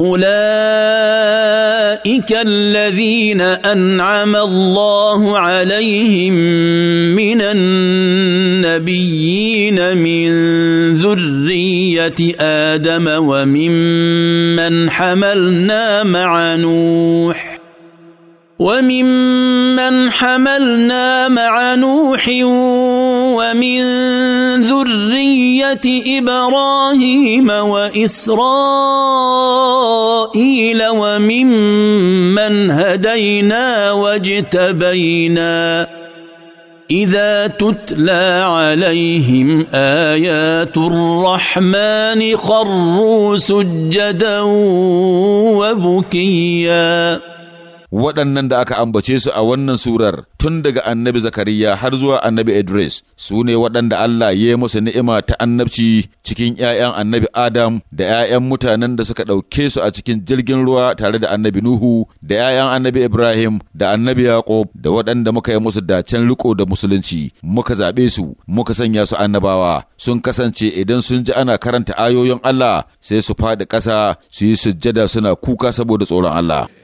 اولئك الذين انعم الله عليهم من النبيين من ذريه ادم وممن حملنا مع نوح وممن حملنا مع نوح ومن ذرية إبراهيم وإسرائيل وممن هدينا واجتبينا إذا تتلى عليهم آيات الرحمن خروا سجدا وبكيا waɗannan da aka ambace su a wannan surar tun daga annabi Zakariya har zuwa annabi Idris su ne waɗanda Allah ya yi musu ni'ima ta annabci cikin ‘ya'yan annabi Adam da ‘ya'yan mutanen da suka ɗauke su a cikin jirgin ruwa tare da annabi Nuhu da ‘ya'yan annabi Ibrahim da annabi yakub da waɗanda muka yi musu dacen riko da musulunci muka zaɓe su muka sanya su annabawa sun kasance idan sun ji ana karanta ayoyin Allah sai su faɗi ƙasa su yi sujjada suna kuka saboda tsoron Allah.